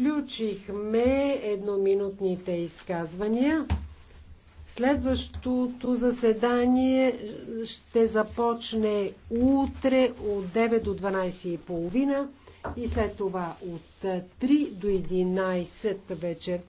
Включихме едноминутните изказвания. Следващото заседание ще започне утре от 9 до 12.30 и след това от 3 до 11 вечер.